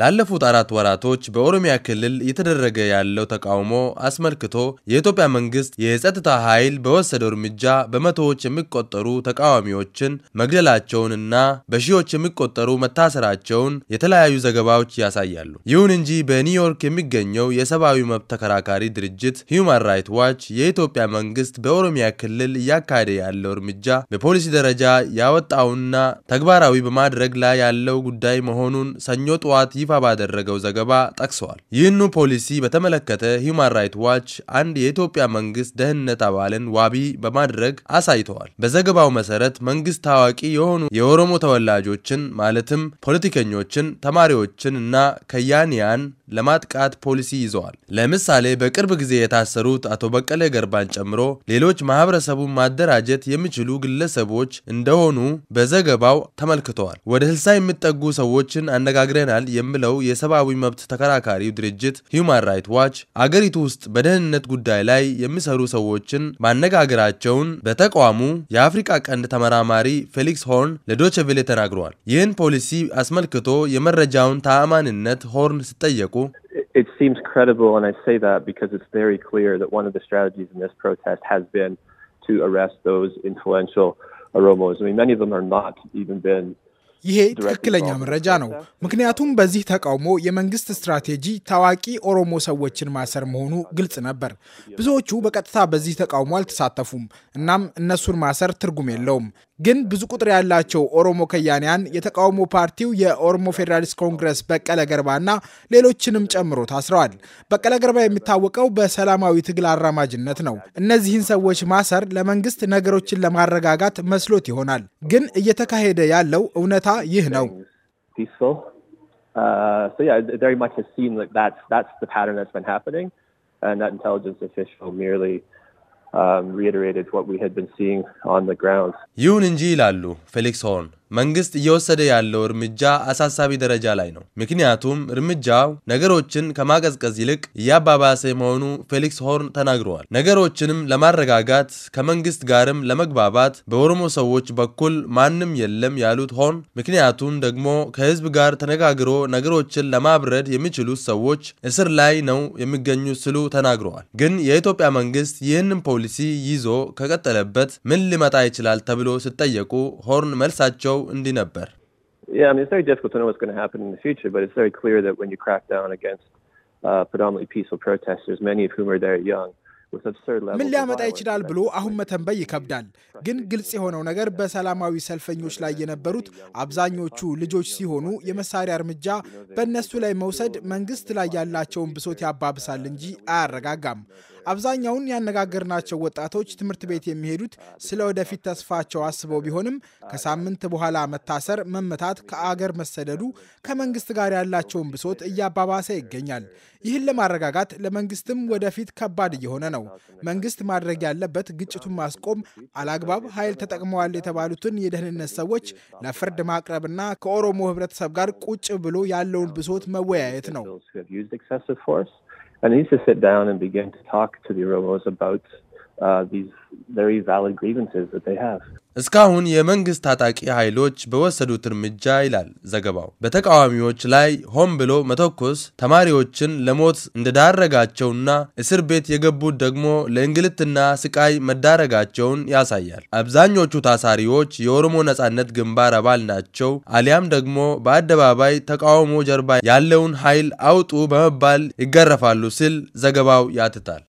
ላለፉት አራት ወራቶች በኦሮሚያ ክልል እየተደረገ ያለው ተቃውሞ አስመልክቶ የኢትዮጵያ መንግስት የጸጥታ ኃይል በወሰደው እርምጃ በመቶዎች የሚቆጠሩ ተቃዋሚዎችን መግደላቸውንና በሺዎች የሚቆጠሩ መታሰራቸውን የተለያዩ ዘገባዎች ያሳያሉ። ይሁን እንጂ በኒውዮርክ የሚገኘው የሰብአዊ መብት ተከራካሪ ድርጅት ሂውማን ራይት ዋች የኢትዮጵያ መንግስት በኦሮሚያ ክልል እያካሄደ ያለው እርምጃ በፖሊሲ ደረጃ ያወጣውና ተግባራዊ በማድረግ ላይ ያለው ጉዳይ መሆኑን ሰኞ ጠዋት ይፋ ባደረገው ዘገባ ጠቅሰዋል። ይህኑ ፖሊሲ በተመለከተ ሂውማን ራይት ዋች አንድ የኢትዮጵያ መንግስት ደህንነት አባልን ዋቢ በማድረግ አሳይተዋል። በዘገባው መሰረት መንግስት ታዋቂ የሆኑ የኦሮሞ ተወላጆችን ማለትም ፖለቲከኞችን፣ ተማሪዎችን እና ከያንያን ለማጥቃት ፖሊሲ ይዘዋል። ለምሳሌ በቅርብ ጊዜ የታሰሩት አቶ በቀለ ገርባን ጨምሮ ሌሎች ማህበረሰቡን ማደራጀት የሚችሉ ግለሰቦች እንደሆኑ በዘገባው ተመልክተዋል። ወደ ስልሳ የሚጠጉ ሰዎችን አነጋግረናል። የሚለው የሰብአዊ መብት ተከራካሪው ድርጅት ሂውማን ራይት ዋች አገሪቱ ውስጥ በደህንነት ጉዳይ ላይ የሚሰሩ ሰዎችን ማነጋገራቸውን በተቋሙ የአፍሪቃ ቀንድ ተመራማሪ ፌሊክስ ሆርን ለዶችቬሌ ተናግረዋል። ይህን ፖሊሲ አስመልክቶ የመረጃውን ተአማንነት ሆርን ሲጠየቁ It seems credible, and I say that because it's very clear that one of the strategies in this protest has been to arrest those influential Oromos. I mean, many of them are not even been ይሄ ትክክለኛ መረጃ ነው። ምክንያቱም በዚህ ተቃውሞ የመንግስት ስትራቴጂ ታዋቂ ኦሮሞ ሰዎችን ማሰር መሆኑ ግልጽ ነበር። ብዙዎቹ በቀጥታ በዚህ ተቃውሞ አልተሳተፉም። እናም እነሱን ማሰር ትርጉም የለውም። ግን ብዙ ቁጥር ያላቸው ኦሮሞ ከያንያን የተቃውሞ ፓርቲው የኦሮሞ ፌዴራሊስት ኮንግረስ በቀለ ገርባና ሌሎችንም ጨምሮ ታስረዋል። በቀለ ገርባ የሚታወቀው በሰላማዊ ትግል አራማጅነት ነው። እነዚህን ሰዎች ማሰር ለመንግስት ነገሮችን ለማረጋጋት መስሎት ይሆናል፣ ግን እየተካሄደ ያለው እውነታ ይህ ነው። Um, reiterated what we had been seeing on the ground. ይሁን እንጂ ይላሉ ፌሊክስ መንግስት እየወሰደ ያለው እርምጃ አሳሳቢ ደረጃ ላይ ነው። ምክንያቱም እርምጃው ነገሮችን ከማቀዝቀዝ ይልቅ እያባባሰ መሆኑ ፌሊክስ ሆርን ተናግረዋል። ነገሮችንም ለማረጋጋት ከመንግስት ጋርም ለመግባባት በኦሮሞ ሰዎች በኩል ማንም የለም ያሉት ሆን ምክንያቱም ደግሞ ከህዝብ ጋር ተነጋግሮ ነገሮችን ለማብረድ የሚችሉት ሰዎች እስር ላይ ነው የሚገኙት ስሉ ተናግረዋል። ግን የኢትዮጵያ መንግስት ይህንን ፖሊሲ ይዞ ከቀጠለበት ምን ሊመጣ ይችላል ተብሎ ሲጠየቁ ሆርን መልሳቸው ያለው እንዲህ ነበር። uh, ምን ሊያመጣ ይችላል ብሎ አሁን መተንበይ ይከብዳል። ግን ግልጽ የሆነው ነገር በሰላማዊ ሰልፈኞች ላይ የነበሩት አብዛኞቹ ልጆች ሲሆኑ የመሳሪያ እርምጃ በእነሱ ላይ መውሰድ መንግስት ላይ ያላቸውን ብሶት ያባብሳል እንጂ አያረጋጋም። አብዛኛውን ያነጋገርናቸው ወጣቶች ትምህርት ቤት የሚሄዱት ስለ ወደፊት ተስፋቸው አስበው ቢሆንም ከሳምንት በኋላ መታሰር፣ መመታት፣ ከአገር መሰደዱ ከመንግስት ጋር ያላቸውን ብሶት እያባባሰ ይገኛል። ይህን ለማረጋጋት ለመንግስትም ወደፊት ከባድ እየሆነ ነው። መንግስት ማድረግ ያለበት ግጭቱን ማስቆም፣ አላግባብ ኃይል ተጠቅመዋል የተባሉትን የደህንነት ሰዎች ለፍርድ ማቅረብና ከኦሮሞ ህብረተሰብ ጋር ቁጭ ብሎ ያለውን ብሶት መወያየት ነው። And I used to sit down and begin to talk to the Oromos about uh, these very valid grievances that they have. እስካሁን የመንግስት ታጣቂ ኃይሎች በወሰዱት እርምጃ ይላል ዘገባው በተቃዋሚዎች ላይ ሆን ብሎ መተኮስ ተማሪዎችን ለሞት እንደዳረጋቸውና እስር ቤት የገቡት ደግሞ ለእንግልትና ስቃይ መዳረጋቸውን ያሳያል። አብዛኞቹ ታሳሪዎች የኦሮሞ ነጻነት ግንባር አባል ናቸው አሊያም ደግሞ በአደባባይ ተቃውሞ ጀርባ ያለውን ኃይል አውጡ በመባል ይገረፋሉ ሲል ዘገባው ያትታል።